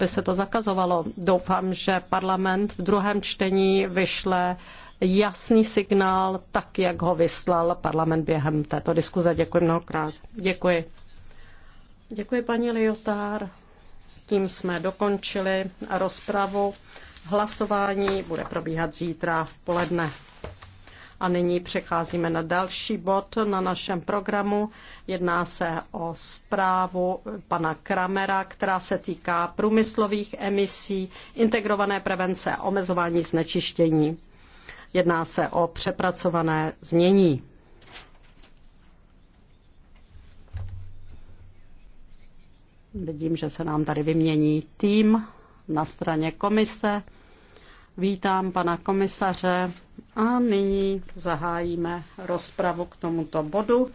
aby se to zakazovalo. Doufám, že parlament v druhém čtení vyšle jasný signál, tak jak ho vyslal parlament během této diskuze. Děkuji mnohokrát. Děkuji. Děkuji, paní Liotár. Tím jsme dokončili rozpravu. Hlasování bude probíhat zítra v poledne. A nyní přecházíme na další bod na našem programu. Jedná se o zprávu pana Kramera, která se týká průmyslových emisí, integrované prevence a omezování znečištění. Jedná se o přepracované znění. Vidím, že se nám tady vymění tým na straně komise. Vítám pana komisaře a nyní zahájíme rozpravu k tomuto bodu.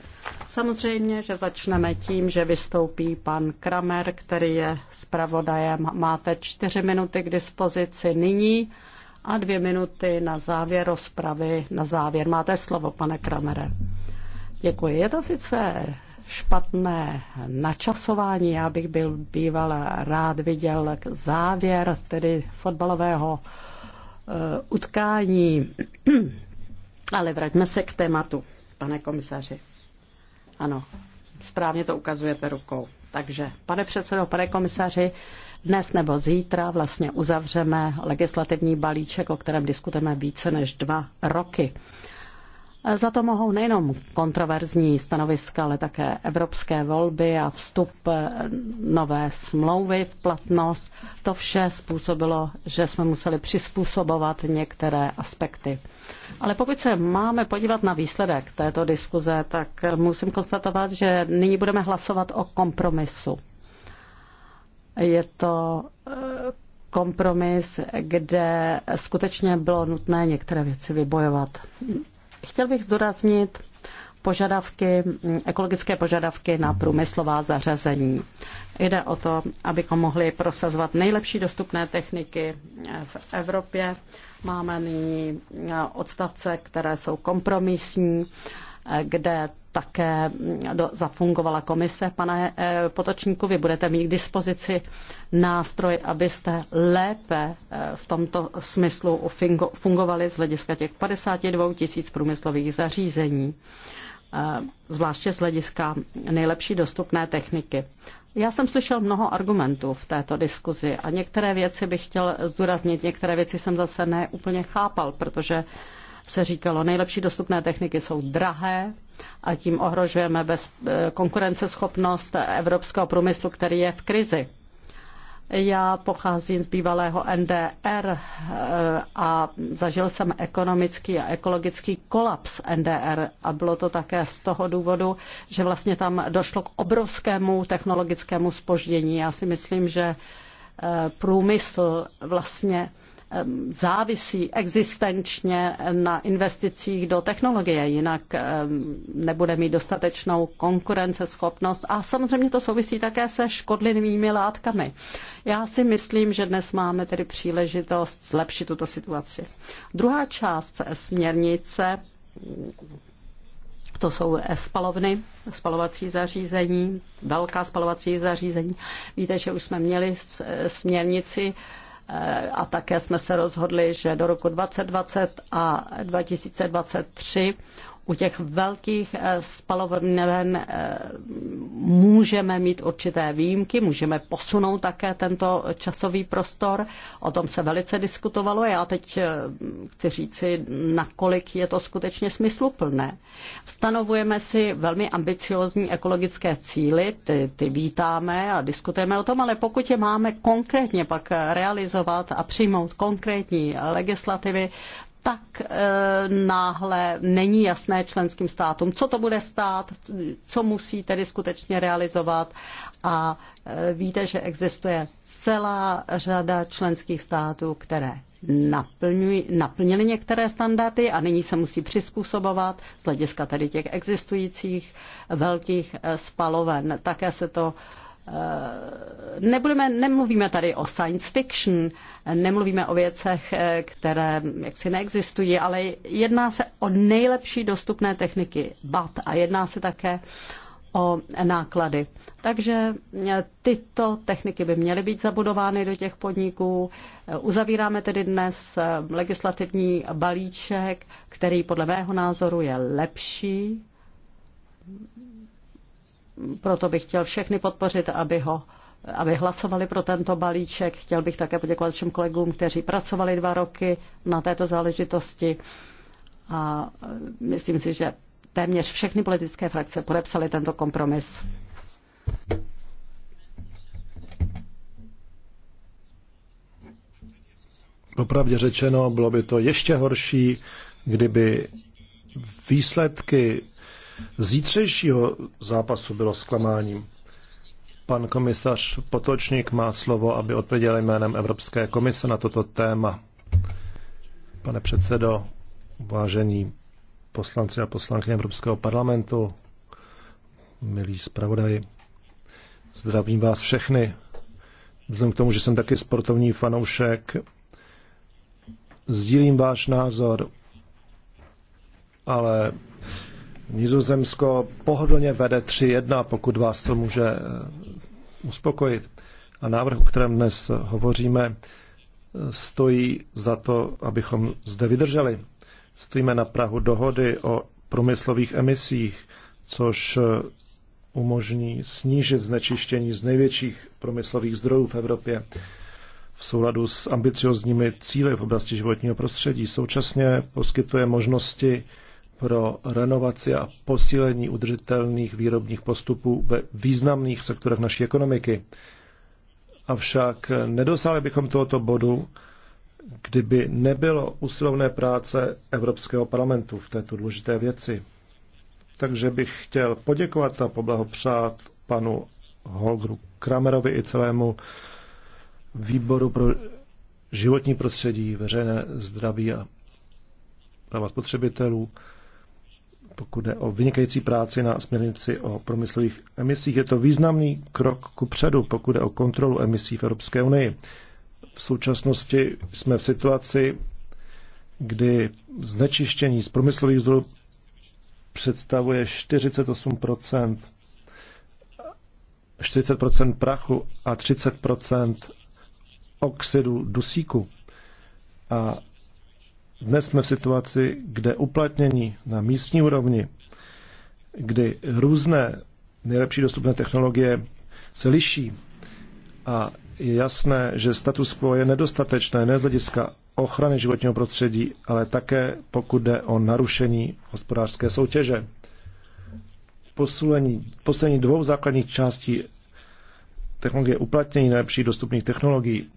Samozřejmě, že začneme tím, že vystoupí pan Kramer, který je zpravodajem. Máte čtyři minuty k dispozici nyní a dvě minuty na závěr rozpravy. Na závěr máte slovo, pane Kramere. Děkuji. Je to sice špatné načasování. Já bych byl býval rád viděl závěr tedy fotbalového Eh, utkání. Ale vraťme se k tématu, pane komisaři. Ano, správně to ukazujete rukou. Takže, pane předsedo, pane komisaři, dnes nebo zítra vlastně uzavřeme legislativní balíček, o kterém diskutujeme více než dva roky. E, za to mohou nejenom kontroverzní stanoviska, ale také evropské volby a vstup e, nové smlouvy v platnost. To vše způsobilo, že jsme museli přizpůsobovat některé aspekty. Ale pokud se máme podívat na výsledek této diskuze, tak musím konstatovat, že nyní budeme hlasovat o kompromisu. Je to e, kompromis, kde skutečně bylo nutné některé věci vybojovat. Chtěl bych zdůraznit požadavky, mm, ekologické požadavky na průmyslová zařazení. Jde o to, abychom mohli prosazovat nejlepší dostupné techniky eh, v Evropě. Máme nyní eh, odstavce, které jsou kompromisní, eh, kde také do, zafungovala komise. Pane eh, Potočníku, vy budete mít k dispozici nástroj, abyste lépe eh, v tomto smyslu fungovali z hlediska těch 52 tisíc průmyslových zařízení, eh, zvláště z hlediska nejlepší dostupné techniky. Já jsem slyšel mnoho argumentů v této diskuzi a některé věci bych chtěl zdůraznit, některé věci jsem zase neúplně chápal, protože se říkalo, nejlepší dostupné techniky jsou drahé a tím ohrožujeme bez eh, konkurenceschopnost evropského průmyslu, který je v krizi. Já pocházím z bývalého NDR eh, a zažil jsem ekonomický a ekologický kolaps NDR a bylo to také z toho důvodu, že vlastně tam došlo k obrovskému technologickému spoždění. Já si myslím, že eh, průmysl vlastně Ehm, závisí existenčně na investicích do technologie, jinak ehm, nebude mít dostatečnou konkurenceschopnost a samozřejmě to souvisí také se škodlivými látkami. Já si myslím, že dnes máme tedy příležitost zlepšit tuto situaci. Druhá část směrnice to jsou spalovny, spalovací zařízení, velká spalovací zařízení. Víte, že už jsme měli e, směrnici Eh, a také jsme se rozhodli, že do roku 2020 a 2023 u těch velkých eh, spalovnen eh, můžeme mít určité výjimky, můžeme posunout také tento časový prostor. O tom se velice diskutovalo. Já teď eh, chci říci, nakolik je to skutečně smysluplné. Stanovujeme si velmi ambiciozní ekologické cíly, ty, ty vítáme a diskutujeme o tom, ale pokud je máme konkrétně pak realizovat a přijmout konkrétní legislativy, tak eh, náhle není jasné členským státům, co to bude stát, co musí tedy skutečně realizovat. A eh, víte, že existuje celá řada členských států, které naplnily naplnili některé standardy a nyní se musí přizpůsobovat z hlediska tedy těch existujících velkých eh, spaloven. Také se to uh, Eh, nebudeme, nemluvíme tady o science fiction, nemluvíme o věcech, eh, které jaksi neexistují, ale jedná se o nejlepší dostupné techniky BAT a jedná se také o náklady. Takže eh, tyto techniky by měly být zabudovány do těch podniků. Uzavíráme tedy dnes legislativní balíček, který podle mého názoru je lepší proto bych chtěl všechny podpořit, aby ho aby hlasovali pro tento balíček. Chtěl bych také poděkovat všem kolegům, kteří pracovali dva roky na této záležitosti. A myslím si, že téměř všechny politické frakce podepsali tento kompromis. Popravdě řečeno, bylo by to ještě horší, kdyby výsledky zítřejšího zápasu bylo zklamáním. Pan komisař Potočník má slovo, aby odpověděl jménem Evropské komise na toto téma. Pane předsedo, vážení poslanci a poslankyně Evropského parlamentu, milí zpravodaji, zdravím vás všechny. Vzhledem k tomu, že jsem taky sportovní fanoušek, sdílím váš názor, ale Nizozemsko pohodlně vede 3-1, pokud vás to může eh, uspokojit. A návrh, o kterém dnes hovoříme, stojí za to, abychom zde vydrželi. Stojíme na Prahu dohody o průmyslových emisích, což eh, umožní snížit znečištění z největších průmyslových zdrojů v Evropě v souladu s ambiciozními cíly v oblasti životního prostředí. Současně poskytuje možnosti pro renovaci a posílení udržitelných výrobních postupů ve významných sektorech naší ekonomiky. Avšak nedosáhli bychom tohoto bodu, kdyby nebylo usilovné práce Evropského parlamentu v této důležité věci. Takže bych chtěl poděkovat a poblahopřát panu Holgru Kramerovi i celému výboru pro životní prostředí, veřejné zdraví a práva spotřebitelů pokud jde o vynikající práci na směrnici o promyslových emisích. Je to významný krok ku předu, pokud jde o kontrolu emisí v Evropské unii. V současnosti jsme v situaci, kdy znečištění z promyslových zdrojů představuje 48 40 prachu a 30 oxidu dusíku. A dnes jsme v situaci, kde uplatnění na místní úrovni, kdy různé nejlepší dostupné technologie se liší a je jasné, že status quo je nedostatečné ne z hlediska ochrany životního prostředí, ale také pokud jde o narušení hospodářské soutěže. Posulení, poslední dvou základních částí technologie uplatnění nejlepších dostupných technologií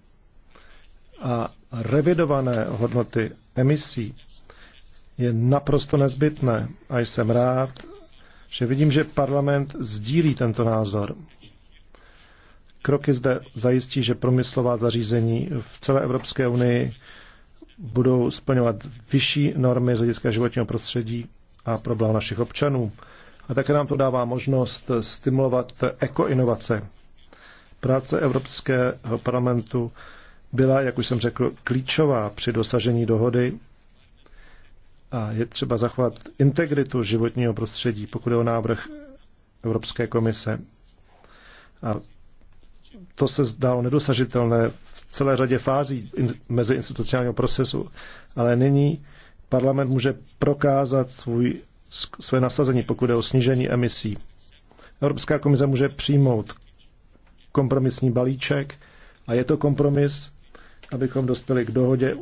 a revidované hodnoty emisí je naprosto nezbytné a jsem rád, že vidím, že parlament sdílí tento názor. Kroky zde zajistí, že promyslová zařízení v celé Evropské unii budou splňovat vyšší normy z hlediska životního prostředí a problém našich občanů. A také nám to dává možnost stimulovat ekoinovace. Práce Evropského parlamentu byla, jak už jsem řekl, klíčová při dosažení dohody a je třeba zachovat integritu životního prostředí, pokud je o návrh Evropské komise. A to se zdálo nedosažitelné v celé řadě fází mezi institucionálního procesu, ale nyní parlament může prokázat svůj, své nasazení, pokud je o snížení emisí. Evropská komise může přijmout kompromisní balíček a je to kompromis, abychom dospěli k dohodě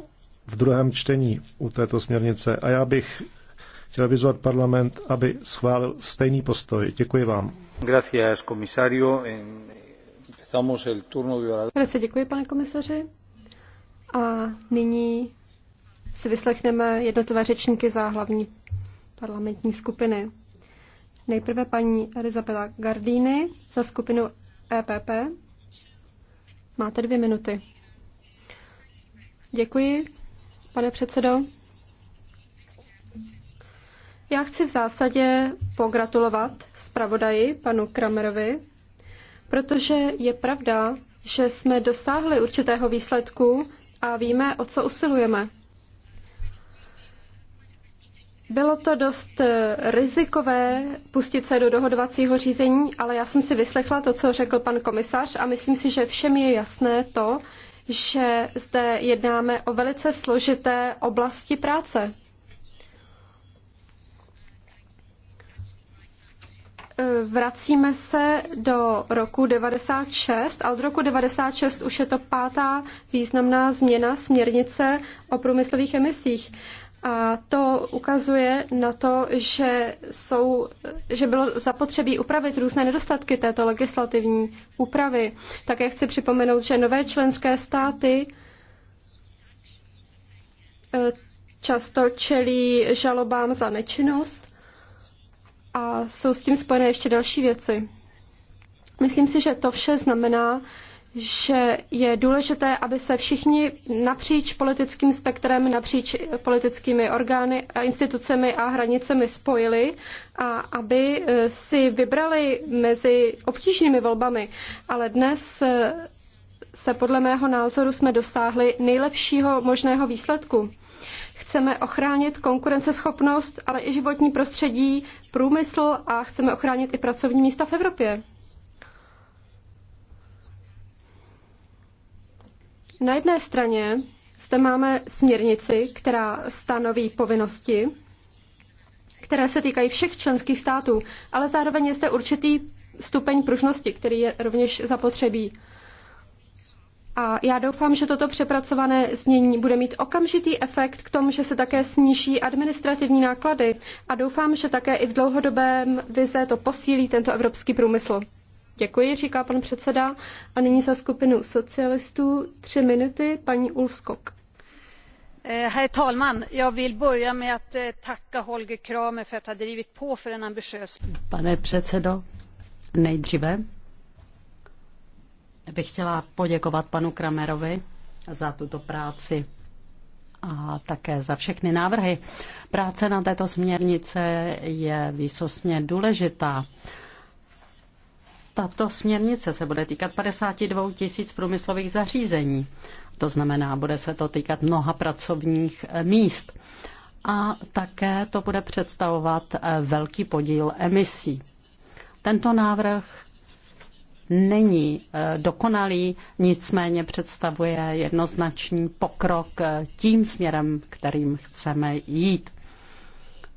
v druhém čtení u této směrnice. A já bych chtěl vyzvat parlament, aby schválil stejný postoj. Děkuji vám. Gracias, komisario. Empezamos el turno de děkuji, pane komisaři. A nyní si vyslechneme jednotlivé řečníky za hlavní parlamentní skupiny. Nejprve paní Elizabeta Gardini za skupinu EPP. Máte dvě minuty. Děkuji, pane předsedo. Já chci v zásadě pogratulovat zpravodaji panu Kramerovi, protože je pravda, že jsme dosáhli určitého výsledku a víme, o co usilujeme. Bylo to dost rizikové pustit se do dohodovacího řízení, ale já jsem si vyslechla to, co řekl pan komisař a myslím si, že všem je jasné to, že zde jednáme o velice složité oblasti práce. Vracíme se do roku 96 a od roku 96 už je to pátá významná změna směrnice o průmyslových emisích. A to ukazuje na to, že, jsou, že bylo zapotřebí upravit různé nedostatky této legislativní úpravy. Také chci připomenout, že nové členské státy eh, často čelí žalobám za nečinnost a jsou s tím spojené ještě další věci. Myslím si, že to vše znamená, že je důležité, aby se všichni napříč politickým spektrem, napříč politickými orgány, institucemi a hranicemi spojili a aby eh, si vybrali mezi obtížnými volbami. Ale dnes eh, se podle mého názoru jsme dosáhli nejlepšího možného výsledku. Chceme ochránit konkurenceschopnost, ale i životní prostředí, průmysl a chceme ochránit i pracovní místa v Evropě. Na jedné straně zde máme směrnici, která stanoví povinnosti, které se týkají všech členských států, ale zároveň je zde určitý stupeň pružnosti, který je rovněž zapotřebí. A já doufám, že toto přepracované znění bude mít okamžitý efekt k tomu, že se také sníží administrativní náklady a doufám, že také i v dlouhodobém vize to posílí tento evropský průmysl. Děkuji, říká pan předseda. A nyní za skupinu socialistů tři minuty paní Ulfskok. Eh, herr talman! Jag vill börja med att eh, tacka Holger Kramer för att ha drivit på för en ambitiös... Pane předsedo, nejdříve bych chtěla poděkovat panu Kramerovi za tuto práci a také za všechny návrhy. Práce na této směrnice je výsostně důležitá tato směrnice se bude týkat 52 tisíc průmyslových zařízení. To znamená, bude se to týkat mnoha pracovních eh, míst. A také to bude představovat eh, velký podíl emisí. Tento návrh není eh, dokonalý, nicméně představuje jednoznačný pokrok tím směrem, kterým chceme jít.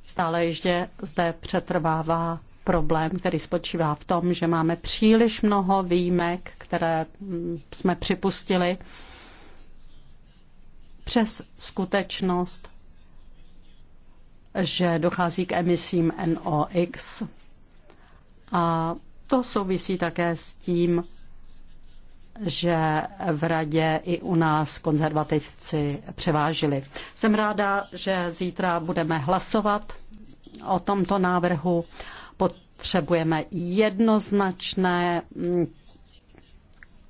Stále ještě zde přetrvává problém, který spočívá v tom, že máme příliš mnoho výjimek, které mm, jsme připustili přes skutečnost, že dochází k emisím NOx. A to souvisí také s tím, že v radě i u nás konzervativci převážili. Jsem ráda, že zítra budeme hlasovat o tomto návrhu potřebujeme jednoznačné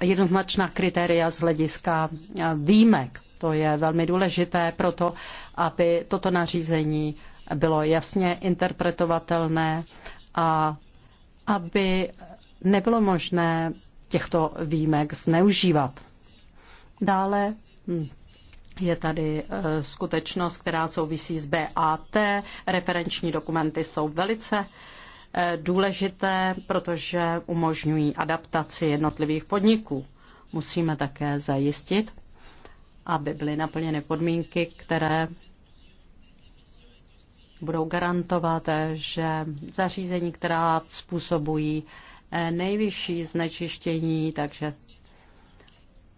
jednoznačná kritéria z hlediska výjimek. To je velmi důležité pro to, aby toto nařízení bylo jasně interpretovatelné a aby nebylo možné těchto výjimek zneužívat. Dále je tady eh, skutečnost, která souvisí s BAT. Referenční dokumenty jsou velice Eh, důležité, protože umožňují adaptaci jednotlivých podniků. Musíme také zajistit, aby byly naplněny podmínky, které budou garantovat, že zařízení, která způsobují eh, nejvyšší znečištění, takže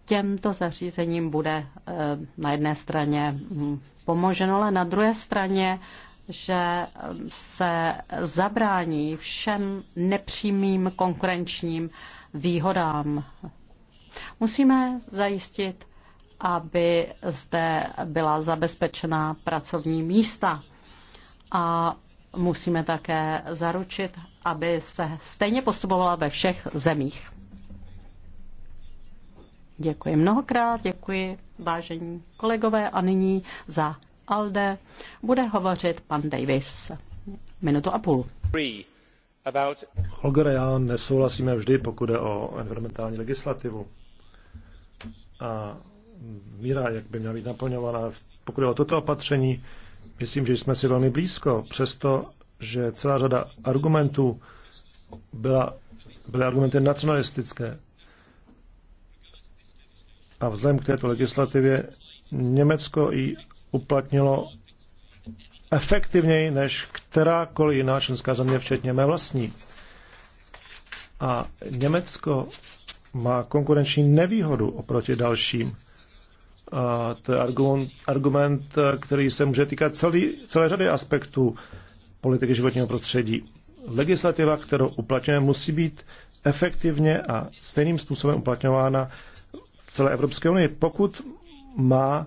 těmto zařízením bude eh, na jedné straně hm, pomoženo, ale na druhé straně že um, se zabrání všem nepřímým konkurenčním výhodám. Musíme zajistit, aby zde byla zabezpečená pracovní místa a musíme také zaručit, aby se stejně postupovala ve všech zemích. Děkuji mnohokrát, děkuji vážení kolegové a nyní za ALDE bude hovořit pan Davis. Minutu a půl. Holger, já nesouhlasíme vždy, pokud je o environmentální legislativu. A míra, jak by měla být naplňovaná, pokud je o toto opatření, myslím, že jsme si velmi blízko, přesto, že celá řada argumentů byla, byly argumenty nacionalistické. A vzhledem k této legislativě Německo i uplatnilo efektivněji než kterákoliv jiná členská země, včetně mé vlastní. A Německo má konkurenční nevýhodu oproti dalším. A to je argument, argument který se může týkat celý, celé řady aspektů politiky životního prostředí. Legislativa, kterou uplatňujeme, musí být efektivně a stejným způsobem uplatňována v celé Evropské unii, pokud má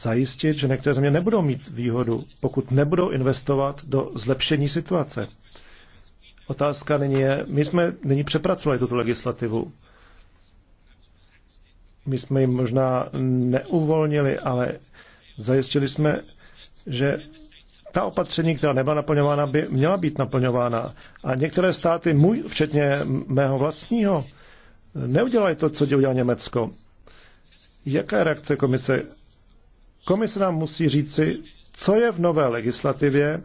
zajistit, že některé země nebudou mít výhodu, pokud nebudou investovat do zlepšení situace. Otázka není je, my jsme nyní přepracovali tuto legislativu. My jsme ji možná neuvolnili, ale zajistili jsme, že ta opatření, která nebyla naplňována, by měla být naplňována. A některé státy, můj, včetně mého vlastního, neudělají to, co dělá Německo. Jaká je reakce komise? Komise nám musí říci, co je v nové legislativě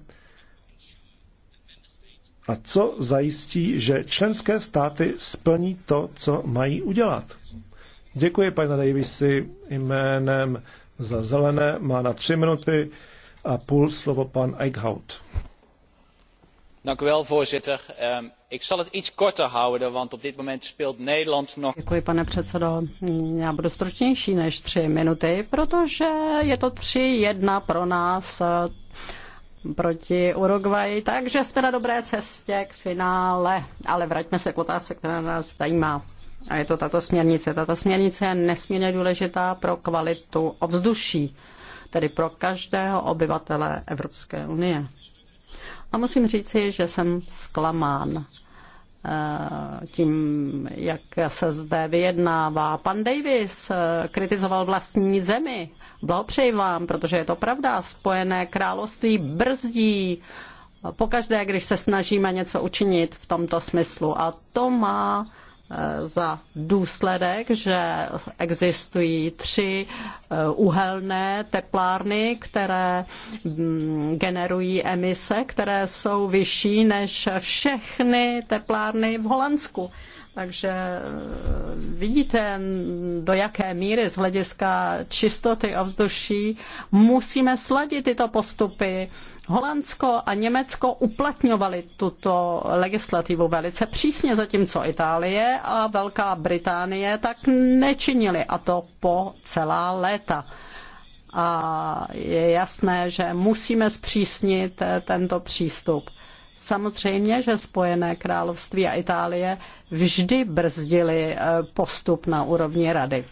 a co zajistí, že členské státy splní to, co mají udělat. Děkuji, pane Davisi, jménem za zelené. Má na tři minuty a půl slovo pan Eichhout. Děkuji, pane předsedo. Já budu stručnější než tři minuty, protože je to tři jedna pro nás eh, proti Uruguayi, takže jsme na dobré cestě k finále. Ale vraťme se k otázce, která nás zajímá. A je to tato směrnice. Tato směrnice je nesmírně důležitá pro kvalitu ovzduší, tedy pro každého obyvatele Evropské unie. A musím říci, že jsem zklamán eh, tím, jak se zde vyjednává. Pan Davis eh, kritizoval vlastní zemi. Blahopřeji vám, protože je to pravda. Spojené království brzdí pokaždé, když se snažíme něco učinit v tomto smyslu. A to má Eh, za důsledek, že existují tři eh, uhelné teplárny, které mm, generují emise, které jsou vyšší než všechny teplárny v Holandsku. Takže eh, vidíte, do jaké míry z hlediska čistoty ovzduší musíme sladit tyto postupy Holandsko a Německo uplatňovali tuto legislativu velice přísně, zatímco Itálie a Velká Británie tak nečinili a to po celá léta. A je jasné, že musíme zpřísnit tento přístup. Samozřejmě, že Spojené království a Itálie vždy brzdili postup na úrovni rady.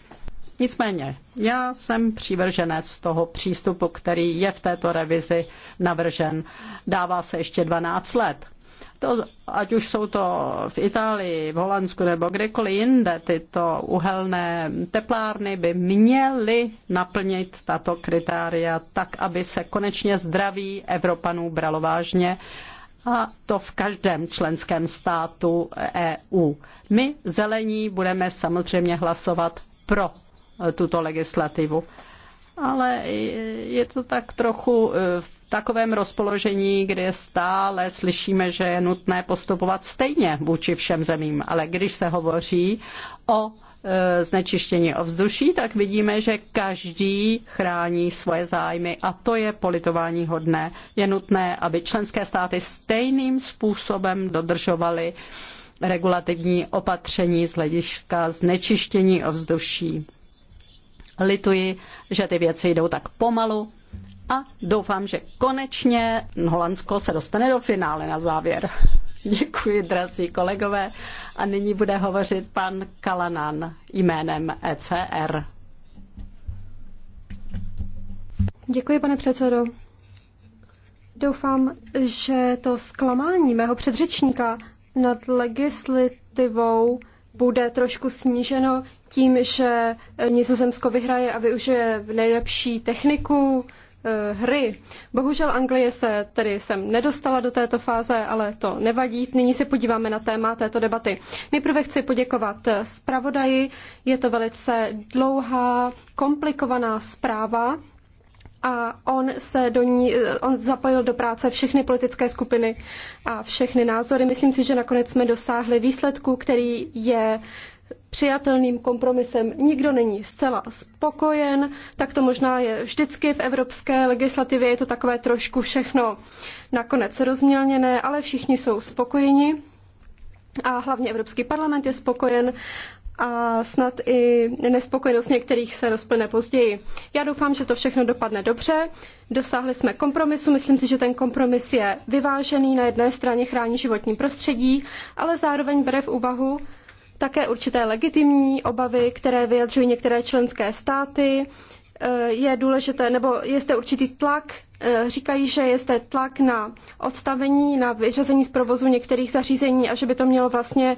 Nicméně, já jsem přívrženec toho přístupu, který je v této revizi navržen. Dává se ještě 12 let. To, ať už jsou to v Itálii, v Holandsku nebo kdekoliv jinde, tyto uhelné teplárny by měly naplnit tato kritéria tak, aby se konečně zdraví Evropanů bralo vážně a to v každém členském státu EU. My zelení budeme samozřejmě hlasovat pro Eh, tuto legislativu. Ale je to tak trochu eh, v takovém rozpoložení, kde stále slyšíme, že je nutné postupovat stejně vůči všem zemím. Ale když se hovoří o eh, znečištění ovzduší, tak vidíme, že každý chrání svoje zájmy a to je politování hodné. Je nutné, aby členské státy stejným způsobem dodržovaly regulativní opatření z hlediska znečištění ovzduší. Lituji, že ty věci jdou tak pomalu a doufám, že konečně Holandsko se dostane do finále na závěr. Děkuji, drazí kolegové. A nyní bude hovořit pan Kalanan jménem ECR. Děkuji, pane předsedo. Doufám, že to zklamání mého předřečníka nad legislativou bude trošku sníženo tím, že Nizozemsko vyhraje a využije nejlepší techniku eh, hry. Bohužel Anglie se tedy sem nedostala do této fáze, ale to nevadí. Nyní se podíváme na téma této debaty. Nejprve chci poděkovat zpravodaji. Je to velice dlouhá, komplikovaná zpráva, a on se do ní, on zapojil do práce všechny politické skupiny a všechny názory. Myslím si, že nakonec jsme dosáhli výsledku, který je přijatelným kompromisem. Nikdo není zcela spokojen, tak to možná je vždycky v evropské legislativě, je to takové trošku všechno nakonec rozmělněné, ale všichni jsou spokojeni a hlavně Evropský parlament je spokojen a snad i nespokojenost některých se rozplyne později. Já doufám, že to všechno dopadne dobře. Dosáhli jsme kompromisu, myslím si, že ten kompromis je vyvážený, na jedné straně chrání životní prostředí, ale zároveň bere v úvahu také určité legitimní obavy, které vyjadřují některé členské státy. Eh, je důležité, nebo je zde určitý tlak Eh, říkají, že je zde tlak na odstavení, na vyřazení z provozu některých zařízení a že by to mělo vlastně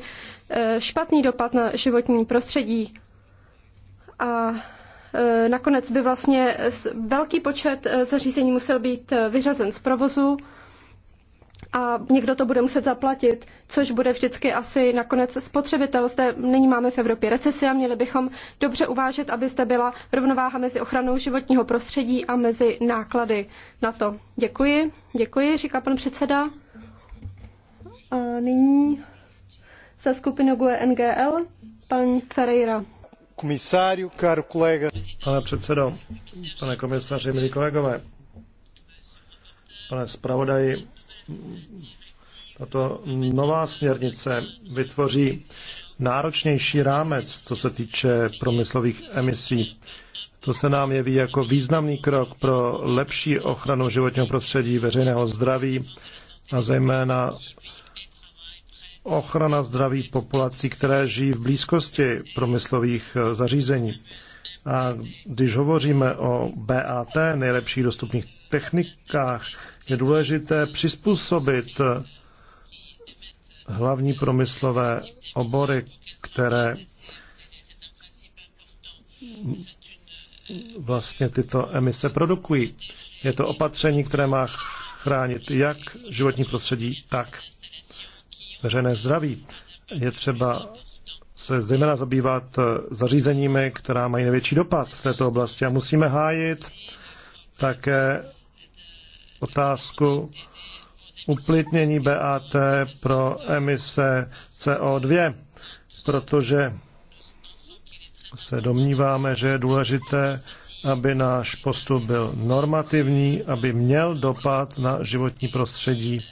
eh, špatný dopad na životní prostředí. A eh, nakonec by vlastně velký počet zařízení musel být vyřazen z provozu a někdo to bude muset zaplatit, což bude vždycky asi nakonec spotřebitel. Zde nyní máme v Evropě recesi a měli bychom dobře uvážet, aby zde byla rovnováha mezi ochranou životního prostředí a mezi náklady na to. Děkuji, děkuji, říká pan předseda. A nyní za skupinu GUE NGL pan Ferreira. Komisáriu, karu kolega. Pane předsedo, pane komisaři, milí kolegové, pane zpravodaji, tato nová směrnice vytvoří náročnější rámec, co se týče průmyslových emisí. To se nám jeví jako významný krok pro lepší ochranu životního prostředí, veřejného zdraví a zejména ochrana zdraví populací, které žijí v blízkosti promyslových eh, zařízení. A když hovoříme o BAT, nejlepších dostupných technikách je důležité přizpůsobit hlavní promyslové obory, které vlastně tyto emise produkují. Je to opatření, které má chránit jak životní prostředí, tak veřejné zdraví. Je třeba se zejména zabývat zařízeními, která mají největší dopad v této oblasti a musíme hájit také otázku uplitnění BAT pro emise CO2, protože se domníváme, že je důležité, aby náš postup byl normativní, aby měl dopad na životní prostředí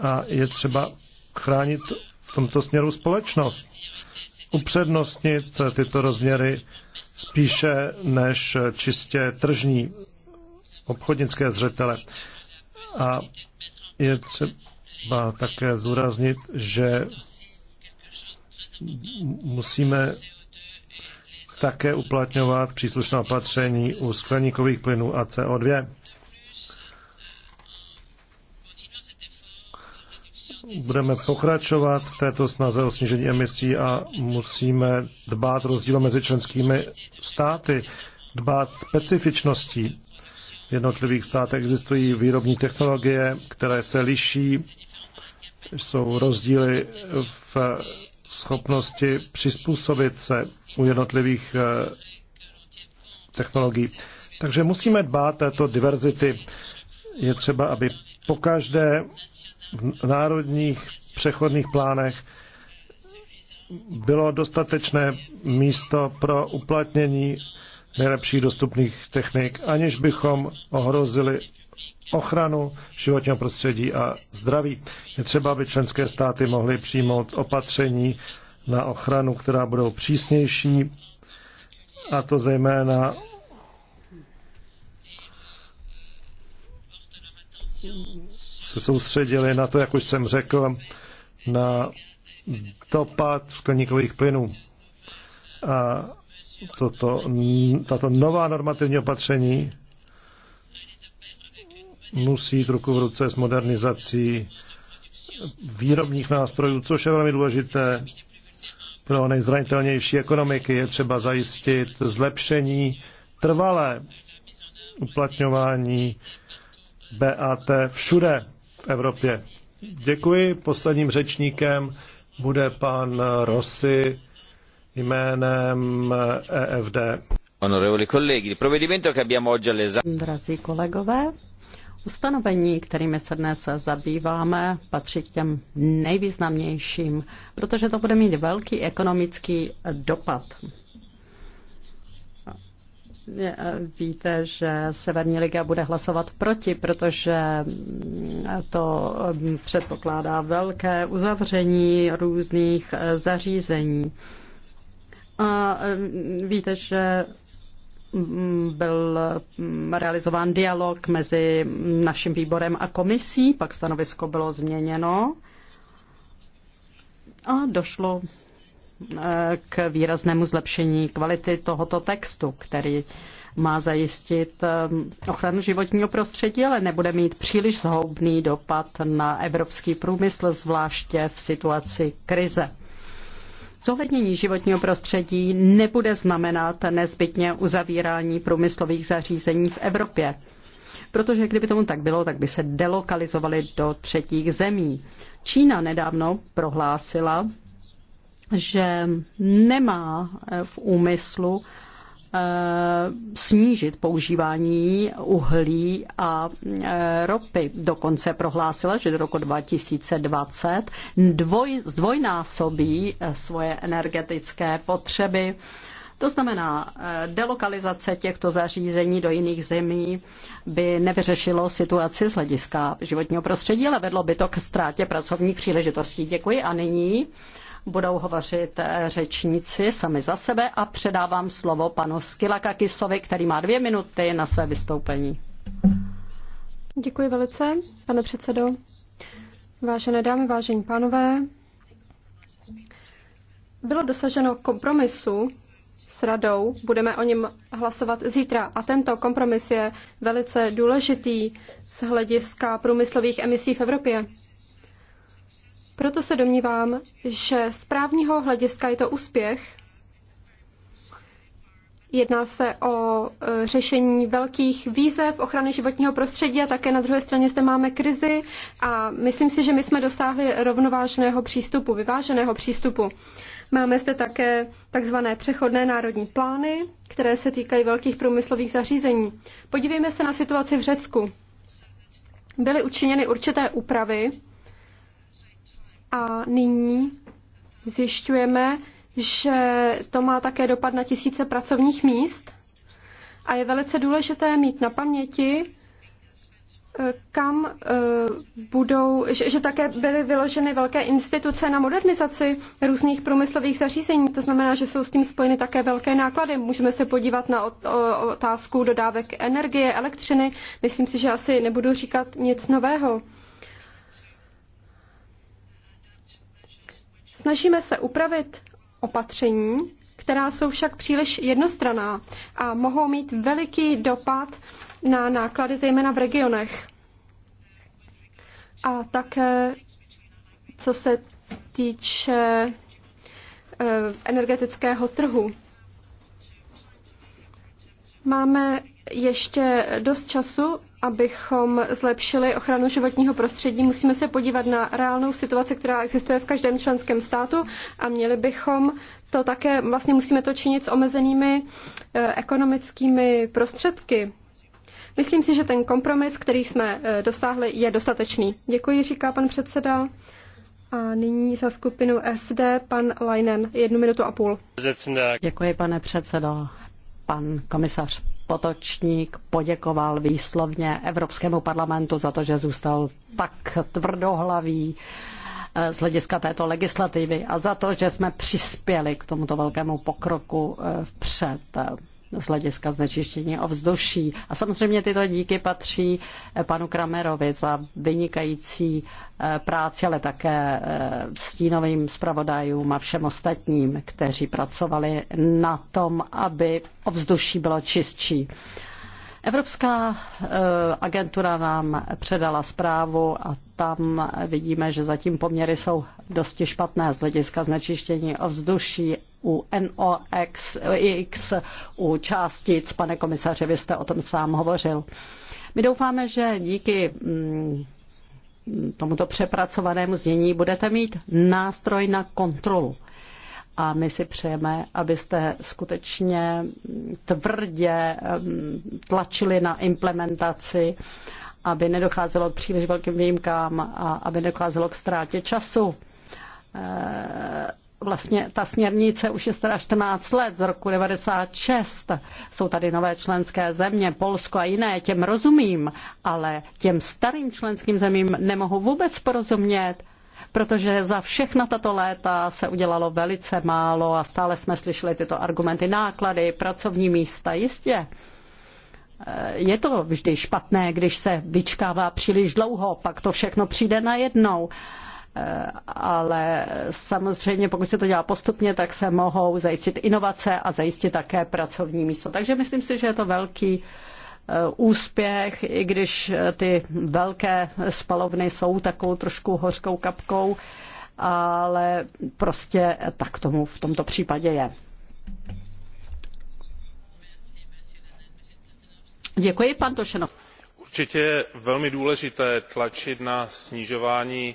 a je třeba chránit v tomto směru společnost. Upřednostnit tyto rozměry spíše než čistě tržní obchodnické zřetele. A je třeba také zúraznit, že musíme také uplatňovat příslušná opatření u skleníkových plynů a CO2. Budeme pokračovat v této snaze o snížení emisí a musíme dbát rozdíl mezi členskými státy, dbát specifičností v jednotlivých státech existují výrobní technologie, které se liší, jsou rozdíly v schopnosti přizpůsobit se u jednotlivých eh, technologií. Takže musíme dbát této diverzity. Je třeba, aby každé v národních přechodných plánech bylo dostatečné místo pro uplatnění nejlepších dostupných technik, aniž bychom ohrozili ochranu životního prostředí a zdraví. Je třeba, aby členské státy mohly přijmout opatření na ochranu, která budou přísnější, a to zejména se soustředili na to, jak už jsem řekl, na dopad skleníkových plynů. A toto, tato nová normativní opatření musí jít ruku v ruce s modernizací výrobních nástrojů, což je velmi důležité pro nejzranitelnější ekonomiky. Je třeba zajistit zlepšení trvalé uplatňování BAT všude v Evropě. Děkuji. Posledním řečníkem bude pan Rossi jménem EFD. Honorevoli colleghi, provedimento provvedimento che abbiamo oggi all'esame. Drazí kolegové, Ustanovení, kterými se dnes zabýváme, patří k těm nejvýznamnějším, protože to bude mít velký ekonomický dopad. E, víte, že Severní liga bude hlasovat proti, protože mm, to mm, předpokládá velké uzavření různých e, zařízení. A víte, že mm, byl mm, realizován dialog mezi naším výborem a komisí, pak stanovisko bylo změněno a došlo e, k výraznému zlepšení kvality tohoto textu, který má zajistit e, ochranu životního prostředí, ale nebude mít příliš zhoubný dopad na evropský průmysl, zvláště v situaci krize. Zohlednění životního prostředí nebude znamenat nezbytně uzavírání průmyslových zařízení v Evropě. Protože kdyby tomu tak bylo, tak by se delokalizovali do třetích zemí. Čína nedávno prohlásila, že nemá v úmyslu Eh, snížit používání uhlí a eh, ropy. Dokonce prohlásila, že do roku 2020 dvoj, zdvojnásobí eh, svoje energetické potřeby. To znamená, delokalizace těchto zařízení do jiných zemí by nevyřešilo situaci z hlediska životního prostředí, ale vedlo by to k ztrátě pracovních příležitostí. Děkuji a nyní budou hovořit eh, řečníci sami za sebe a předávám slovo panu Skilakakisovi, který má dvě minuty na své vystoupení. Děkuji velice, pane předsedo. Vážené dámy, vážení pánové, bylo dosaženo kompromisu s radou, budeme o něm hlasovat zítra. A tento kompromis je velice důležitý z hlediska průmyslových emisí v Evropě. Proto se domnívám, že z právního hlediska je to úspěch. Jedná se o e, řešení velkých výzev ochrany životního prostředí a také na druhé straně zde máme krizi a myslím si, že my jsme dosáhli rovnovážného přístupu, vyváženého přístupu. Máme zde také takzvané přechodné národní plány, které se týkají velkých průmyslových zařízení. Podívejme se na situaci v Řecku. Byly učiněny určité úpravy, a nyní zjišťujeme, že to má také dopad na tisíce pracovních míst a je velice důležité mít na paměti, e, kam e, budou, že, že také byly vyloženy velké instituce na modernizaci různých průmyslových zařízení. To znamená, že jsou s tím spojeny také velké náklady. Můžeme se podívat na otázku dodávek energie, elektřiny. Myslím si, že asi nebudu říkat nic nového. Snažíme se upravit opatření, která jsou však příliš jednostraná a mohou mít veliký dopad na náklady, zejména v regionech. A také, co se týče eh, energetického trhu. Máme ještě dost času abychom zlepšili ochranu životního prostředí, musíme se podívat na reálnou situaci, která existuje v každém členském státu a měli bychom to také, vlastně musíme to činit s omezenými eh, ekonomickými prostředky. Myslím si, že ten kompromis, který jsme eh, dosáhli, je dostatečný. Děkuji, říká pan předseda. A nyní za skupinu SD pan Leinen. Jednu minutu a půl. Děkuji, pane předsedo. Pan komisař Potočník poděkoval výslovně Evropskému parlamentu za to, že zůstal tak tvrdohlavý eh, z hlediska této legislativy a za to, že jsme přispěli k tomuto velkému pokroku eh, vpřed z hlediska znečištění ovzduší. A samozřejmě tyto díky patří eh, panu Kramerovi za vynikající eh, práci, ale také eh, stínovým zpravodajům a všem ostatním, kteří pracovali na tom, aby ovzduší bylo čistší. Evropská agentura nám předala zprávu a tam vidíme, že zatím poměry jsou dosti špatné z hlediska znečištění ovzduší u NOx, X, u částic. Pane komisaři, vy jste o tom sám hovořil. My doufáme, že díky mm, tomuto přepracovanému znění budete mít nástroj na kontrolu. A my si přejeme, abyste skutečně tvrdě mm, tlačili na implementaci, aby nedocházelo k příliš velkým výjimkám a aby nedocházelo k ztrátě času eh, vlastně ta směrnice už je stará 14 let, z roku 96. Jsou tady nové členské země, Polsko a jiné, těm rozumím, ale těm starým členským zemím nemohu vůbec porozumět, protože za všechna tato léta se udělalo velice málo a stále jsme slyšeli tyto argumenty náklady, pracovní místa, jistě. Eh, je to vždy špatné, když se vyčkává příliš dlouho, pak to všechno přijde najednou. jednou ale samozřejmě pokud se to dělá postupně, tak se mohou zajistit inovace a zajistit také pracovní místo. Takže myslím si, že je to velký eh, úspěch, i když eh, ty velké spalovny jsou takovou trošku hořkou kapkou, ale prostě tak tomu v tomto případě je. Děkuji, pan Tošenov. Určitě je velmi důležité tlačit na snižování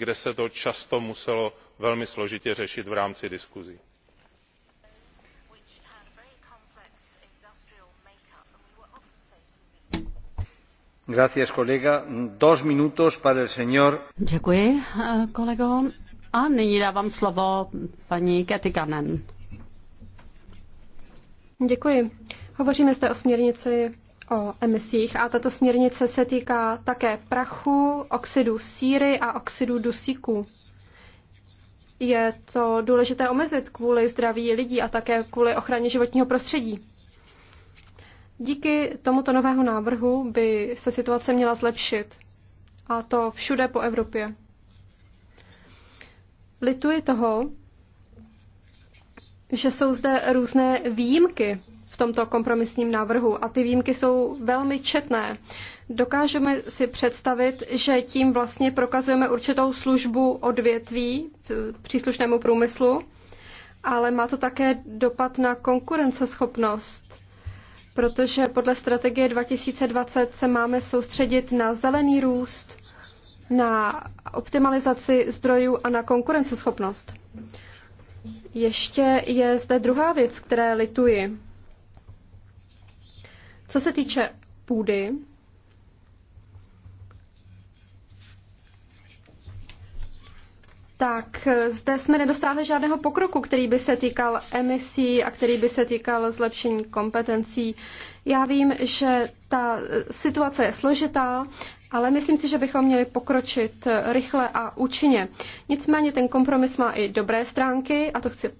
kde se to často muselo velmi složitě řešit v rámci diskusí. Děkuji, kolego. A nyní dávám slovo paní Ketikanen. Děkuji. Hovoříme zde o směrnici o emisích a tato směrnice se týká také prachu, oxidu síry a oxidu dusíku. Je to důležité omezit kvůli zdraví lidí a také kvůli ochraně životního prostředí. Díky tomuto nového návrhu by se situace měla zlepšit. A to všude po Evropě. Lituji toho, že jsou zde různé výjimky tomto kompromisním návrhu a ty výjimky jsou velmi četné. Dokážeme si představit, že tím vlastně prokazujeme určitou službu odvětví eh, příslušnému průmyslu, ale má to také dopad na konkurenceschopnost protože podle strategie 2020 se máme soustředit na zelený růst, na optimalizaci zdrojů a na konkurenceschopnost. Ještě je zde druhá věc, které lituji. Co se týče půdy, tak zde jsme nedosáhli žádného pokroku, který by se týkal emisí a který by se týkal zlepšení kompetencí. Já vím, že ta situace je složitá, ale myslím si, že bychom měli pokročit rychle a účinně. Nicméně ten kompromis má i dobré stránky a to chci,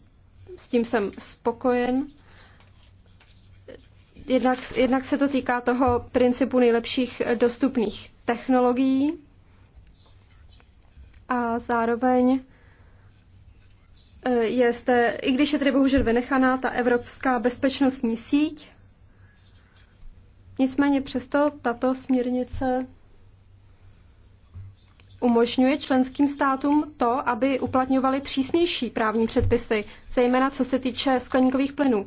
s tím jsem spokojen. Jednak, jednak se to týká toho principu nejlepších dostupných technologií a zároveň e, je zde, i když je tedy bohužel vynechaná ta evropská bezpečnostní síť, nicméně přesto tato směrnice umožňuje členským státům to, aby uplatňovali přísnější právní předpisy, zejména co se týče skleníkových plynů.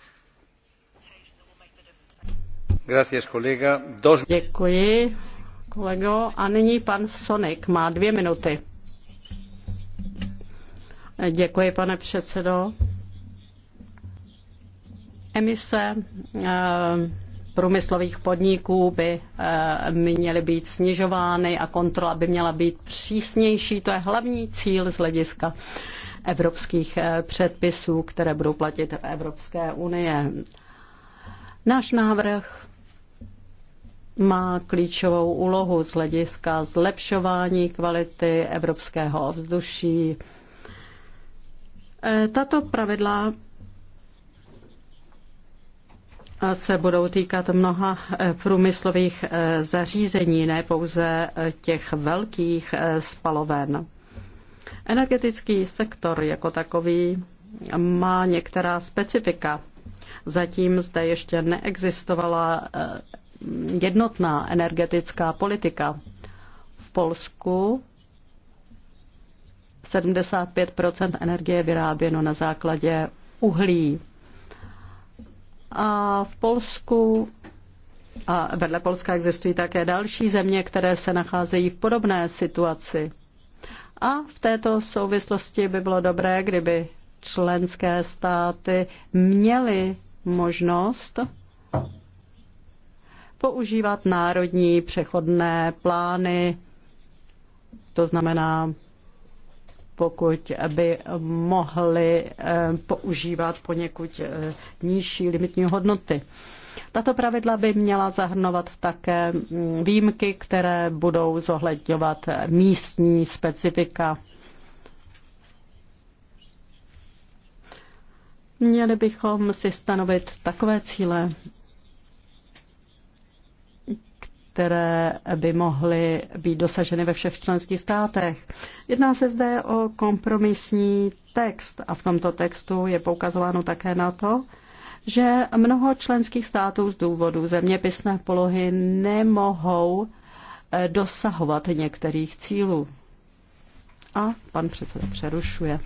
Děkuji, kolego. A nyní pan Sonek má dvě minuty. Děkuji, pane předsedo. Emise eh, průmyslových podniků by eh, měly být snižovány a kontrola by měla být přísnější. To je hlavní cíl z hlediska evropských eh, předpisů, které budou platit v Evropské unie. Náš návrh má klíčovou úlohu z hlediska zlepšování kvality evropského ovzduší. E, tato pravidla se budou týkat mnoha e, průmyslových e, zařízení, ne pouze těch velkých spaloven. Energetický sektor jako takový má některá specifika. Zatím zde ještě neexistovala jednotná energetická politika. V Polsku 75 energie je vyráběno na základě uhlí. A v Polsku a vedle Polska existují také další země, které se nacházejí v podobné situaci. A v této souvislosti by bylo dobré, kdyby členské státy měly možnost používat národní přechodné plány. To znamená, pokud by mohli eh, používat poněkud eh, nižší limitní hodnoty. Tato pravidla by měla zahrnovat také mm, výjimky, které budou zohledňovat místní specifika. Měli bychom si stanovit takové cíle, které by mohly být dosaženy ve všech členských státech. Jedná se zde o kompromisní text a v tomto textu je poukazováno také na to, že mnoho členských států z důvodu zeměpisné polohy nemohou eh, dosahovat některých cílů. A pan předseda přerušuje.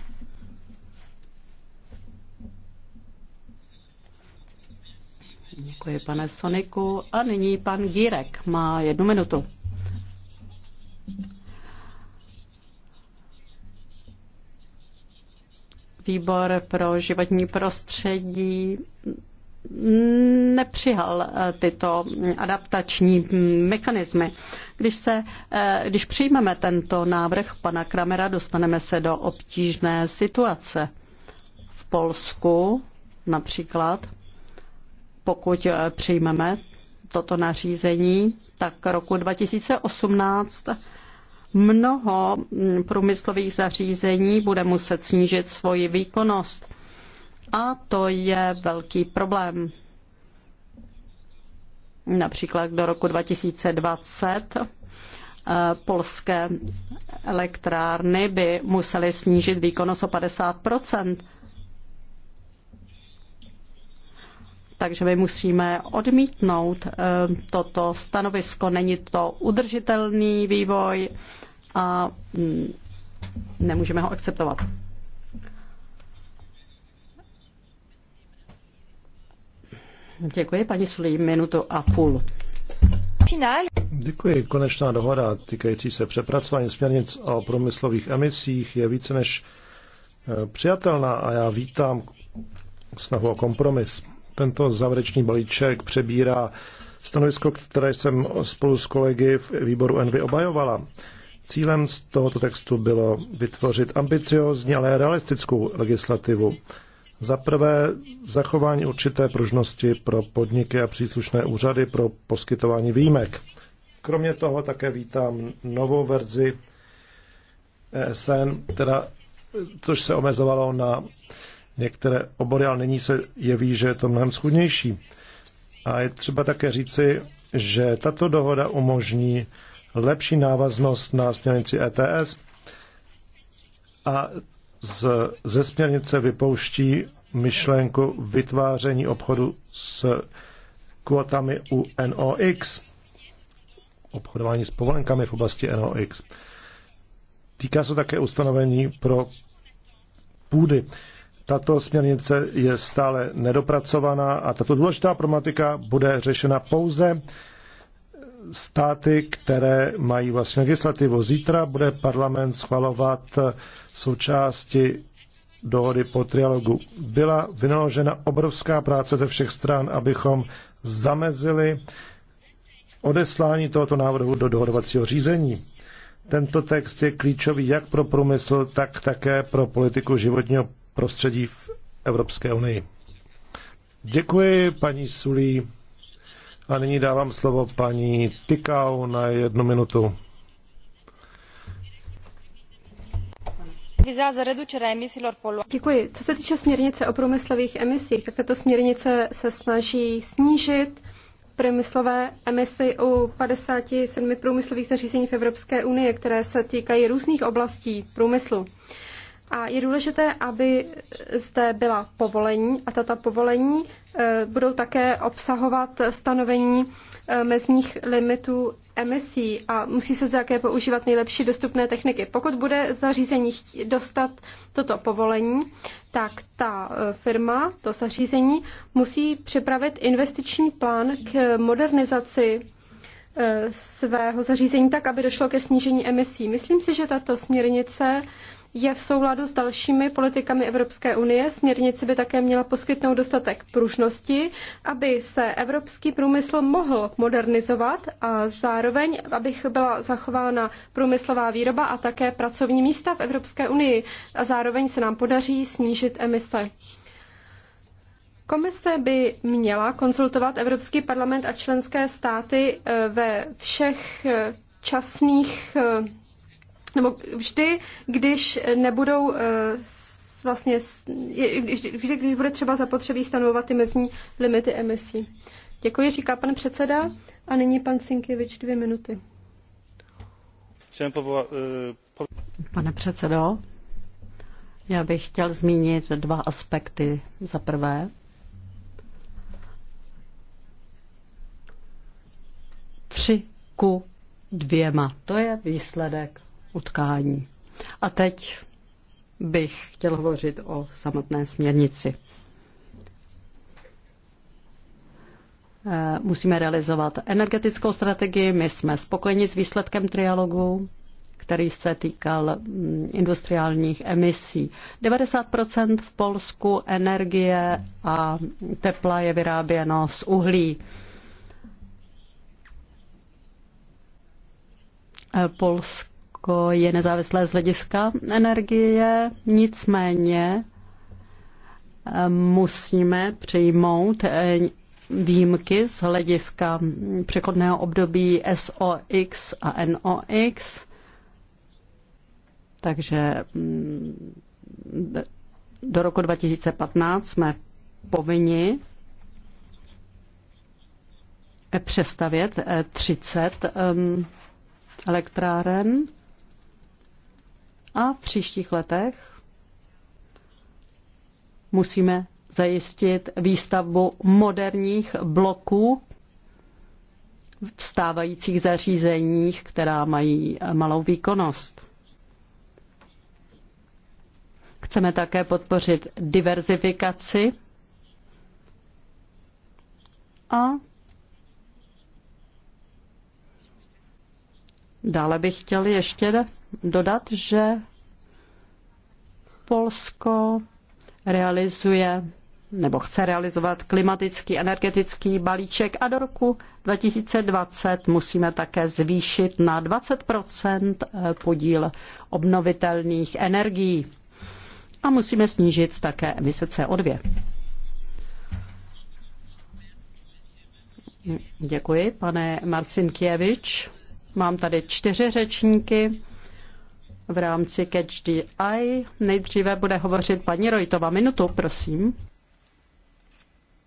Děkuji, pane Soniku. A nyní pan Gírek má jednu minutu. Výbor pro životní prostředí nepřihal eh, tyto adaptační mechanismy. Když, se, eh, když přijmeme tento návrh pana Kramera, dostaneme se do obtížné situace. V Polsku například pokud eh, přijmeme toto nařízení, tak roku 2018 mnoho mm, průmyslových zařízení bude muset snížit svoji výkonnost. A to je velký problém. Například do roku 2020 eh, polské elektrárny by musely snížit výkonnost o 50 Takže my musíme odmítnout eh, toto stanovisko. Není to udržitelný vývoj a mm, nemůžeme ho akceptovat. Děkuji, paní Sulí, minutu a půl. Finál. Děkuji. Konečná dohoda týkající se přepracování směrnic o průmyslových emisích je více než eh, přijatelná a já vítám snahu o kompromis. Tento závěrečný balíček přebírá stanovisko, které jsem spolu s kolegy v výboru Envy obajovala. Cílem z tohoto textu bylo vytvořit ambiciozní, ale realistickou legislativu. Za prvé zachování určité pružnosti pro podniky a příslušné úřady pro poskytování výjimek. Kromě toho také vítám novou verzi ESN, teda, což se omezovalo na některé obory, ale nyní se jeví, že je to mnohem schudnější. A je třeba také říci, že tato dohoda umožní lepší návaznost na směrnici ETS a z, ze směrnice vypouští myšlenku vytváření obchodu s kvotami u NOx, obchodování s povolenkami v oblasti NOx. Týká se také ustanovení pro půdy. Tato směrnice je stále nedopracovaná a tato důležitá problematika bude řešena pouze státy, které mají vlastně legislativu. Zítra bude parlament schvalovat součásti dohody po trialogu. Byla vynaložena obrovská práce ze všech stran, abychom zamezili odeslání tohoto návrhu do dohodovacího řízení. Tento text je klíčový jak pro průmysl, tak také pro politiku životního prostředí v Evropské unii. Děkuji, paní Sulí. A nyní dávám slovo paní Tikau na jednu minutu. Děkuji. Co se týče směrnice o průmyslových emisích, tak tato směrnice se snaží snížit průmyslové emisy u 57 průmyslových zařízení v Evropské unii, které se týkají různých oblastí průmyslu. A je důležité, aby zde byla povolení a tato povolení eh, budou také obsahovat stanovení eh, mezních limitů emisí a musí se také používat nejlepší dostupné techniky. Pokud bude zařízení dostat toto povolení, tak ta eh, firma, to zařízení, musí připravit investiční plán k modernizaci svého zařízení tak, aby došlo ke snížení emisí. Myslím si, že tato směrnice je v souladu s dalšími politikami Evropské unie. Směrnice by také měla poskytnout dostatek pružnosti, aby se evropský průmysl mohl modernizovat a zároveň, abych byla zachována průmyslová výroba a také pracovní místa v Evropské unii a zároveň se nám podaří snížit emise. Komise by měla konzultovat Evropský parlament a členské státy eh, ve všech eh, časných eh, nebo vždy, když nebudou eh, vlastně, vždy, když bude třeba zapotřebí stanovovat ty mezní limity emisí. Děkuji, říká pan předseda. A nyní pan Sinkěvič dvě minuty. Eh, Pane předsedo, já bych chtěl zmínit dva aspekty. Za prvé, tři ku dvěma. To je výsledek utkání. A teď bych chtěl hovořit o samotné směrnici. Eh, musíme realizovat energetickou strategii. My jsme spokojeni s výsledkem trialogu, který se týkal mm, industriálních emisí. 90 v Polsku energie a tepla je vyráběno z uhlí. Eh, Polsk Rusko je nezávislé z hlediska energie, nicméně eh, musíme přijmout eh, výjimky z hlediska přechodného období SOX a NOX. Takže mm, do roku 2015 jsme povinni eh, přestavět 30 ehm, elektráren a v příštích letech musíme zajistit výstavbu moderních bloků v stávajících zařízeních, která mají malou výkonnost. Chceme také podpořit diverzifikaci a dále bych chtěl ještě dodat, že Polsko realizuje nebo chce realizovat klimatický energetický balíček a do roku 2020 musíme také zvýšit na 20 eh, podíl obnovitelných energií a musíme snížit také emise CO2. Děkuji, pane Marcinkiewicz. Mám tady čtyři řečníky v rámci Catch the Eye. Nejdříve bude hovořit paní Rojtova. Minutu, prosím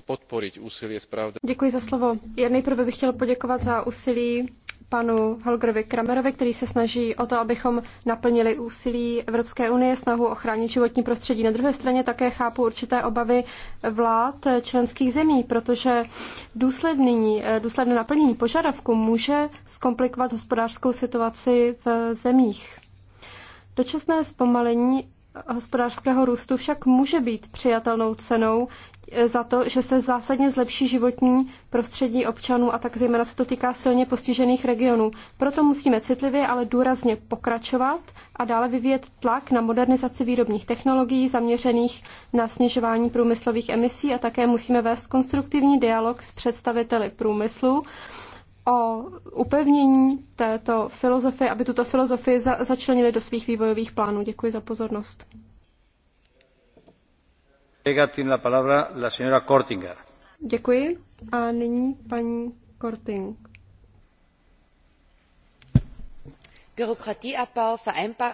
podporit úsilí správde. Děkuji za slovo. Já nejprve bych chtěl poděkovat za úsilí panu Helgrovi Kramerovi, který se snaží o to, abychom naplnili úsilí Evropské unie, snahu ochránit životní prostředí. Na druhé straně také chápu určité obavy vlád členských zemí, protože důsledný, důsledné naplnění požadavku může zkomplikovat hospodářskou situaci v zemích. Dočasné zpomalení hospodářského růstu však může být přijatelnou cenou eh, za to, že se zásadně zlepší životní prostředí občanů a tak zejména se to týká silně postižených regionů. Proto musíme citlivě, ale důrazně pokračovat a dále vyvíjet tlak na modernizaci výrobních technologií zaměřených na snižování průmyslových emisí a také musíme vést konstruktivní dialog s představiteli průmyslu o upevnění této filozofie, aby tuto filozofii za, začlenili do svých vývojových plánů. Děkuji za pozornost. Děkuji. A nyní paní Korting. Bürokratieabbau, vereinbar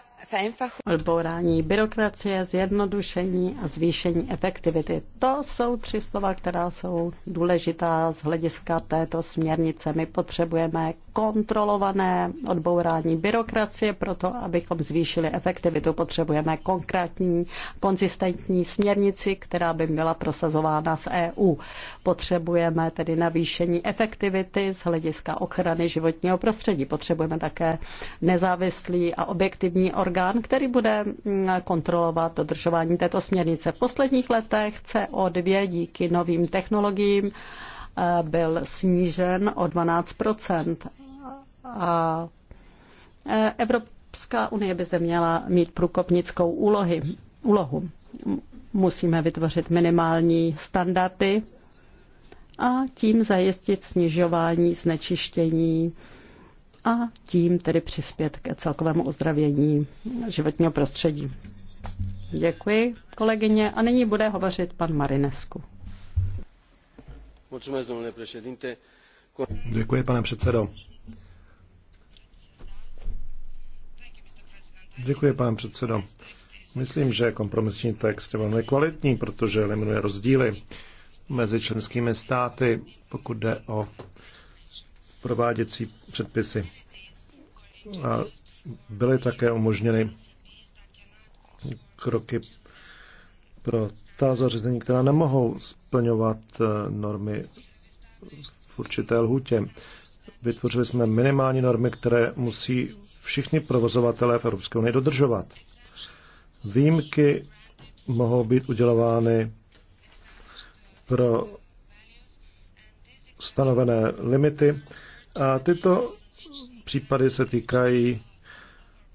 Odbourání byrokracie, zjednodušení a zvýšení efektivity. To jsou tři slova, která jsou důležitá z hlediska této směrnice. My potřebujeme kontrolované odbourání byrokracie, proto abychom zvýšili efektivitu. Potřebujeme konkrétní, konzistentní směrnici, která by byla prosazována v EU. Potřebujeme tedy navýšení efektivity z hlediska ochrany životního prostředí. Potřebujeme také nezávislý a objektivní organizace orgán, který bude mm, kontrolovat dodržování této směrnice. V posledních letech CO2 díky novým technologiím eh, byl snížen o 12 a eh, Evropská unie by zde měla mít průkopnickou úlohy, úlohu. Musíme vytvořit minimální standardy a tím zajistit snižování znečištění a tím tedy přispět k celkovému ozdravění životního prostředí. Děkuji, kolegyně. A nyní bude hovořit pan Marinesku. Děkuji, pane předsedo. Děkuji, pane předsedo. Myslím, že kompromisní text je velmi kvalitní, protože eliminuje rozdíly mezi členskými státy, pokud jde o prováděcí předpisy. A byly také umožněny kroky pro ta zařízení, která nemohou splňovat eh, normy v určité lhůtě. Vytvořili jsme minimální normy, které musí všichni provozovatelé v Evropské unii dodržovat. Výjimky mohou být udělovány pro stanovené limity a tyto případy se týkají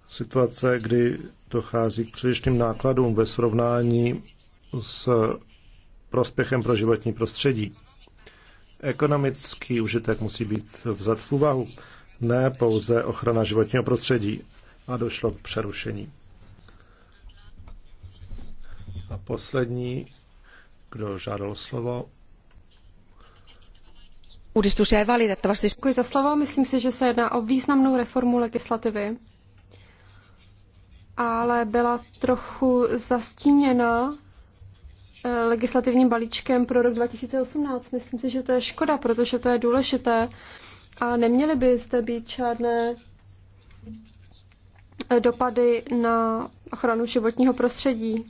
situace, kdy dochází k přílišným nákladům ve srovnání s prospěchem pro životní prostředí. Ekonomický užitek musí být vzat v úvahu, ne pouze ochrana životního prostředí. A došlo k přerušení. A poslední, kdo žádal slovo, uudistus jäi valitettavasti... Děkuji za slovo. Myslím si, že se jedná o významnou reformu legislativy, ale byla trochu zastíněna eh, legislativním balíčkem pro rok 2018. Myslím si, že to je škoda, protože to je důležité a neměly by zde být žádné eh, dopady na ochranu životního prostředí.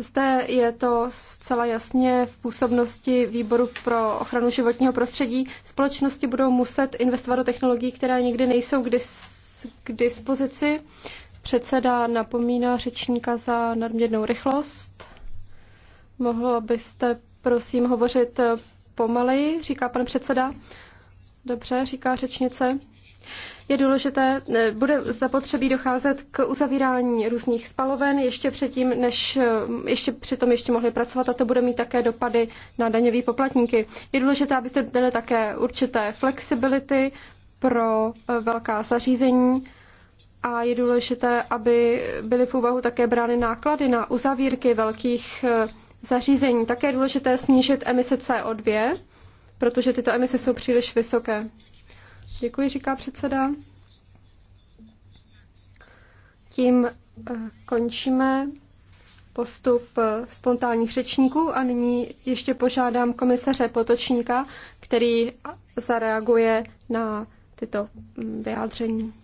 Zde je to zcela jasně v působnosti Výboru pro ochranu životního prostředí. Společnosti budou muset investovat do technologií, které nikdy nejsou k, dis- k dispozici. Předseda napomíná řečníka za nadměrnou rychlost. Mohlo byste, prosím, hovořit pomaleji, říká pan předseda. Dobře, říká řečnice. Je důležité, e, bude zapotřebí docházet k uzavírání různých spaloven ještě předtím, než e, ještě přitom ještě mohli pracovat a to bude mít také dopady na daňové poplatníky. Je důležité, abyste byly také určité flexibility pro e, velká zařízení, a je důležité, aby byly v úvahu také brány náklady na uzavírky velkých zařízení. Také je důležité snížit emise CO2, protože tyto emise jsou příliš vysoké. Děkuji, říká předseda. Tím eh, končíme postup eh, spontánních řečníků a nyní ještě požádám komisaře Potočníka, který zareaguje na tyto mm, vyjádření.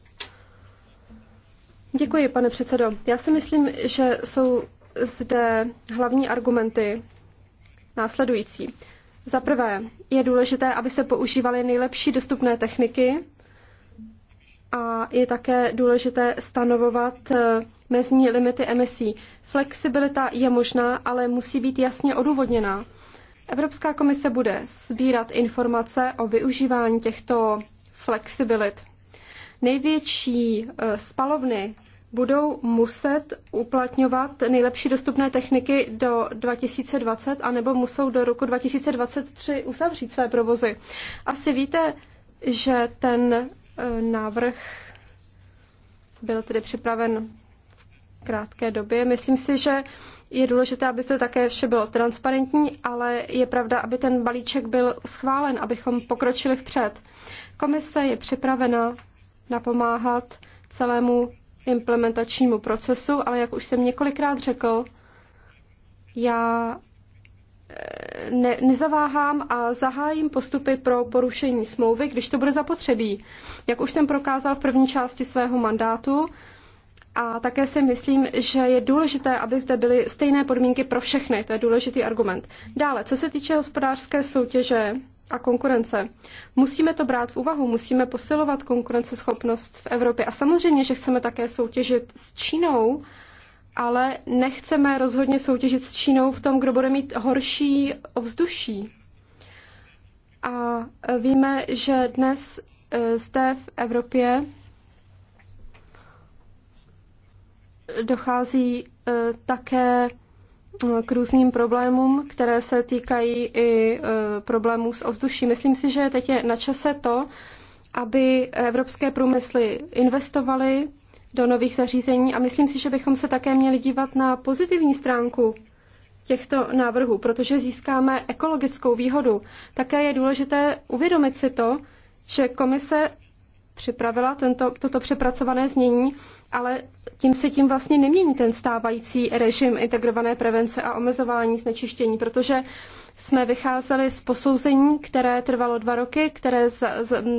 Děkuji, pane předsedo. Já si myslím, že jsou zde hlavní argumenty následující. Za prvé, je důležité, aby se používaly nejlepší dostupné techniky a je také důležité stanovovat eh, mezní limity emisí. Flexibilita je možná, ale musí být jasně odůvodněná. Evropská komise bude sbírat informace o využívání těchto flexibilit. Největší eh, spalovny budou muset uplatňovat nejlepší dostupné techniky do 2020, anebo musou do roku 2023 uzavřít své provozy. Asi víte, že ten e, návrh byl tedy připraven v krátké době. Myslím si, že je důležité, aby to také vše bylo transparentní, ale je pravda, aby ten balíček byl schválen, abychom pokročili vpřed. Komise je připravena napomáhat celému implementačnímu procesu, ale jak už jsem několikrát řekl, já eh, ne, nezaváhám a zahájím postupy pro porušení smlouvy, když to bude zapotřebí. Jak už jsem prokázal v první části svého mandátu, a také si myslím, že je důležité, aby zde byly stejné podmínky pro všechny. To je důležitý argument. Dále, co se týče hospodářské soutěže, a konkurence. Musíme to brát v úvahu, musíme posilovat konkurenceschopnost v Evropě. A samozřejmě, že chceme také soutěžit s Čínou, ale nechceme rozhodně soutěžit s Čínou v tom, kdo bude mít horší ovzduší. A víme, že dnes e, zde v Evropě dochází e, také k různým problémům, které se týkají i e, problémů s ovzduší. Myslím si, že teď je na čase to, aby evropské průmysly investovaly do nových zařízení a myslím si, že bychom se také měli dívat na pozitivní stránku těchto návrhů, protože získáme ekologickou výhodu. Také je důležité uvědomit si to, že komise připravila tento, toto přepracované znění ale tím se tím vlastně nemění ten stávající režim integrované prevence a omezování znečištění, protože jsme vycházeli z posouzení, které trvalo dva roky, které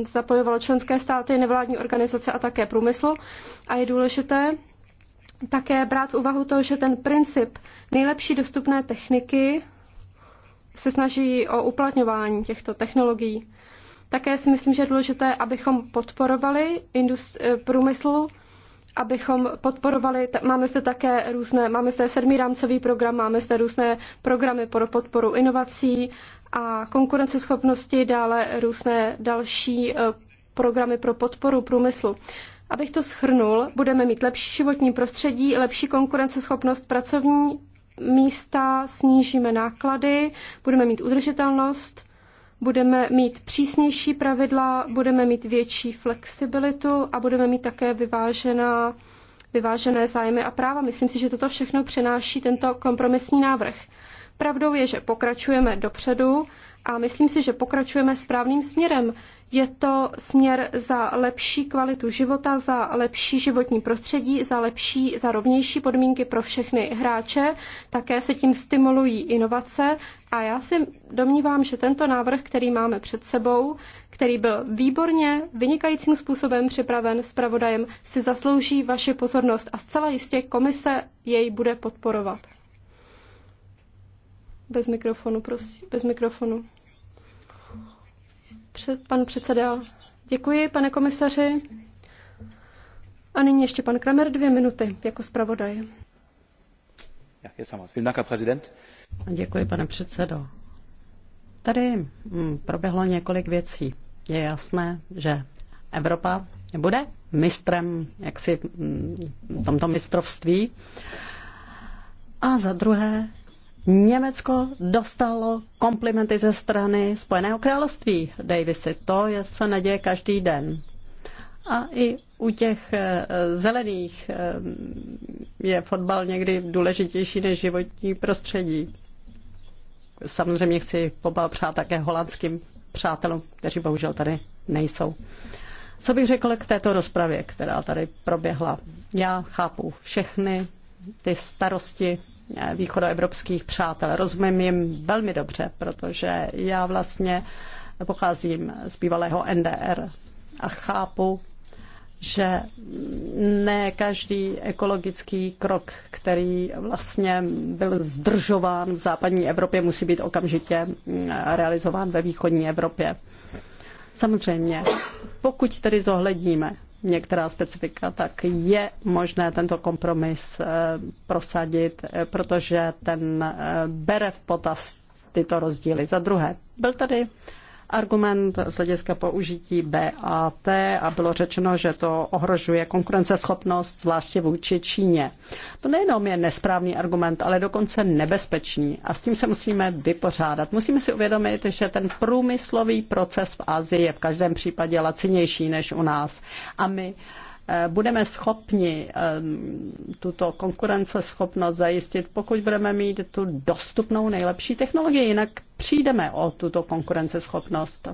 zapojovalo členské státy, nevládní organizace a také průmysl. A je důležité také brát v úvahu to, že ten princip nejlepší dostupné techniky se snaží o uplatňování těchto technologií. Také si myslím, že je důležité, abychom podporovali průmysl abychom podporovali, máme zde také různé, máme zde sedmý rámcový program, máme zde různé programy pro podporu inovací a konkurenceschopnosti, dále různé další e, programy pro podporu průmyslu. Abych to schrnul, budeme mít lepší životní prostředí, lepší konkurenceschopnost pracovní místa, snížíme náklady, budeme mít udržitelnost budeme mít přísnější pravidla, budeme mít větší flexibilitu a budeme mít také vyvážená, vyvážené zájmy a práva. Myslím si, že toto všechno přináší tento kompromisní návrh. Pravdou je, že pokračujeme dopředu a myslím si, že pokračujeme správným směrem. Je to směr za lepší kvalitu života, za lepší životní prostředí, za lepší, za rovnější podmínky pro všechny hráče. Také se tím stimulují inovace a já si domnívám, že tento návrh, který máme před sebou, který byl výborně, vynikajícím způsobem připraven pravodajem, si zaslouží vaši pozornost a zcela jistě komise jej bude podporovat. Bez mikrofonu, prosím. Bez mikrofonu pan předseda, děkuji, pane komisaři. A nyní ještě pan Kramer, dvě minuty jako zpravodaj. Děkuji, pane předsedo. Tady hm, proběhlo několik věcí. Je jasné, že Evropa bude mistrem jaksi hm, v tomto mistrovství. A za druhé Německo dostalo komplimenty ze strany Spojeného království Davisy. To je, co neděje každý den. A i u těch eh, zelených eh, je fotbal někdy důležitější než životní prostředí. Samozřejmě chci přát také holandským přátelům, kteří bohužel tady nejsou. Co bych řekl k této rozpravě, která tady proběhla? Já chápu všechny ty starosti východoevropských přátel. Rozumím jim velmi dobře, protože já vlastně pocházím z bývalého NDR a chápu, že ne každý ekologický krok, který vlastně byl zdržován v západní Evropě, musí být okamžitě mm, realizován ve východní Evropě. Samozřejmě, pokud tedy zohledníme některá specifika, tak je možné tento kompromis eh, prosadit, eh, protože ten eh, bere v potaz tyto rozdíly. Za druhé, byl tady argument z hlediska použití BAT a bylo řečeno, že to ohrožuje konkurenceschopnost, zvláště vůči Číně. To nejenom je nesprávný argument, ale dokonce nebezpečný a s tím se musíme vypořádat. Musíme si uvědomit, že ten průmyslový proces v Asii je v každém případě lacinější než u nás a my Eh, budeme schopni ehm, tuto konkurenceschopnost zajistit, pokud budeme mít tu dostupnou nejlepší technologii, jinak přijdeme o tuto konkurenceschopnost.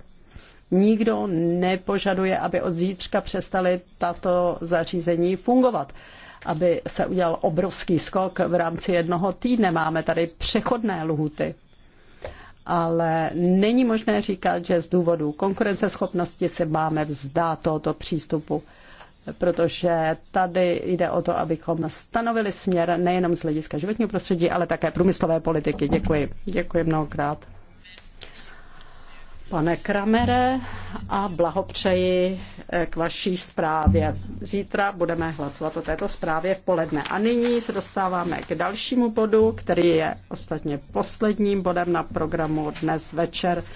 Nikdo nepožaduje, aby od zítřka přestaly tato zařízení fungovat aby se udělal obrovský skok v rámci jednoho týdne. Máme tady přechodné lhuty. Ale není možné říkat, že z důvodu konkurenceschopnosti se máme vzdát tohoto přístupu protože tady jde o to, abychom stanovili směr nejenom z hlediska životního prostředí, ale také průmyslové politiky. Děkuji. Děkuji mnohokrát. Pane Kramere, a blahopřeji eh, k vaší zprávě. Zítra budeme hlasovat o této zprávě v poledne. A nyní se dostáváme k dalšímu bodu, který je ostatně posledním bodem na programu dnes večer.